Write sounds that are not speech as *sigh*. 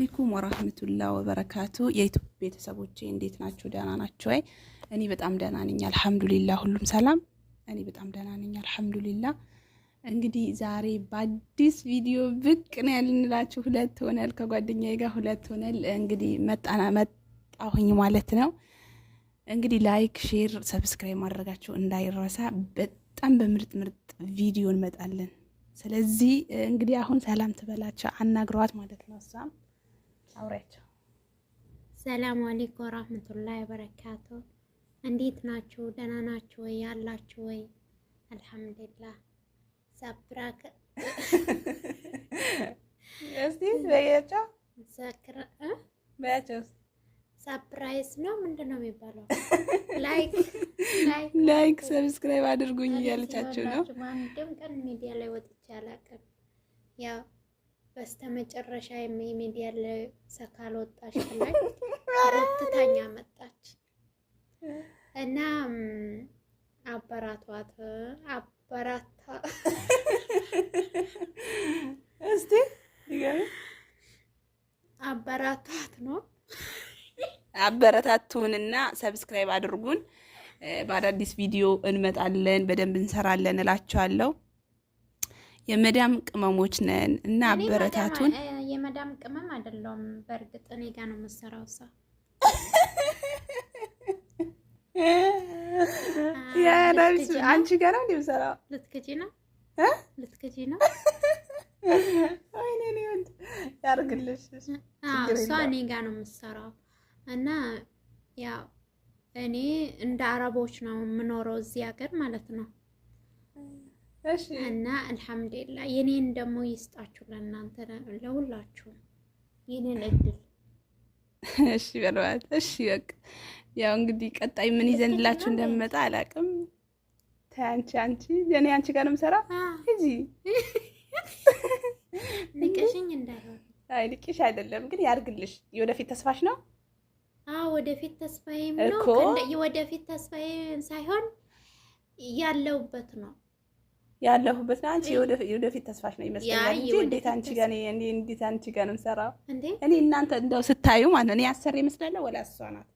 አለይኩም ወራህመቱላ ወበረካቱ። የኢትዮጵያ ቤተሰቦቼ እንዴት ናችሁ? ደህና ናችሁ ወይ? እኔ በጣም ደህና ነኝ አልሐምዱሊላ። ሁሉም ሰላም። እኔ በጣም ደህና ነኝ አልሐምዱሊላ። እንግዲህ ዛሬ በአዲስ ቪዲዮ ብቅ ነው ያልንላችሁ። ሁለት ሆነል ከጓደኛዬ ጋር ሁለት ሆነል እንግዲህ መጣና መጣሁኝ ማለት ነው። እንግዲህ ላይክ፣ ሼር፣ ሰብስክራይብ ማድረጋችሁ እንዳይረሳ። በጣም በምርጥ ምርጥ ቪዲዮ እንመጣለን። ስለዚህ እንግዲህ አሁን ሰላም ትበላቸው አናግረዋት ማለት ነው እሷም አውሪያቸው። ሰላም አለይኩም ወራህመቱላሂ ወበረካቱ። እንዴት ናችሁ? ደህና ናችሁ ወይ? ያላችሁ ወይ? አልሐምዱሊላህ ሰብራከ እስቲ በያቸው ሰክራ በያቸው ሳፕራይዝ ነው ምንድን ነው የሚባለው? ላይክ ላይክ ሰብስክራይብ አድርጉኝ እያለቻቸው ነው። ማንም ቀን ሚዲያ ላይ ወጥቼ አላውቅም ያው በስተመጨረሻ የሚሜድ ያለ ሰካል ወጣች ላይ ወጥታኛ መጣች እና አበራቷት አበራታ እስቲ አበራታት ነው አበረታቱንና ሰብስክራይብ አድርጉን። በአዳዲስ ቪዲዮ እንመጣለን፣ በደንብ እንሰራለን እላችኋለሁ። የመዳም ቅመሞች ነን እና አበረታቱን። የመዳም ቅመም አይደለሁም። በእርግጥ እኔ ጋ ነው የምሰራው ሰው አንቺ ጋር ነው የምሰራው። ልትክጂ ነው ልትክጂ ነው። ወይኔ ያርግልሽ። እሷ እኔ ጋ ነው የምሰራው እና ያው እኔ እንደ አረቦች ነው የምኖረው እዚህ ሀገር ማለት ነው እና አልሐምዱሊላ የኔን ደግሞ ይስጣችሁ ለእናንተ ለሁላችሁም ይህንን እድል። እሺ በለዋት። እሺ በቃ ያው እንግዲህ ቀጣይ ምን ይዘንላችሁ እንደምመጣ አላውቅም። ታንቺ አንቺ የኔ አንቺ ጋር ነው የምሰራ እዚ *laughs* ልቅሽኝ እንዳይሆን። አይ ልቅሽ አይደለም ግን ያርግልሽ። የወደፊት ተስፋሽ ነው። አዎ ወደፊት ተስፋዬም ነው። ወደፊት ተስፋዬ ሳይሆን ያለውበት ነው ያለሁበት ነው። አንቺ ወደፊት ተስፋሽ ነው ይመስለኛል እንጂ እንዴት አንቺ ጋ እንዴት አንቺ ጋ ነው የምሰራው እኔ እናንተ እንደው ስታዩ ማለት ነው እኔ አሰር ይመስላለሁ ወላ እሷ ናት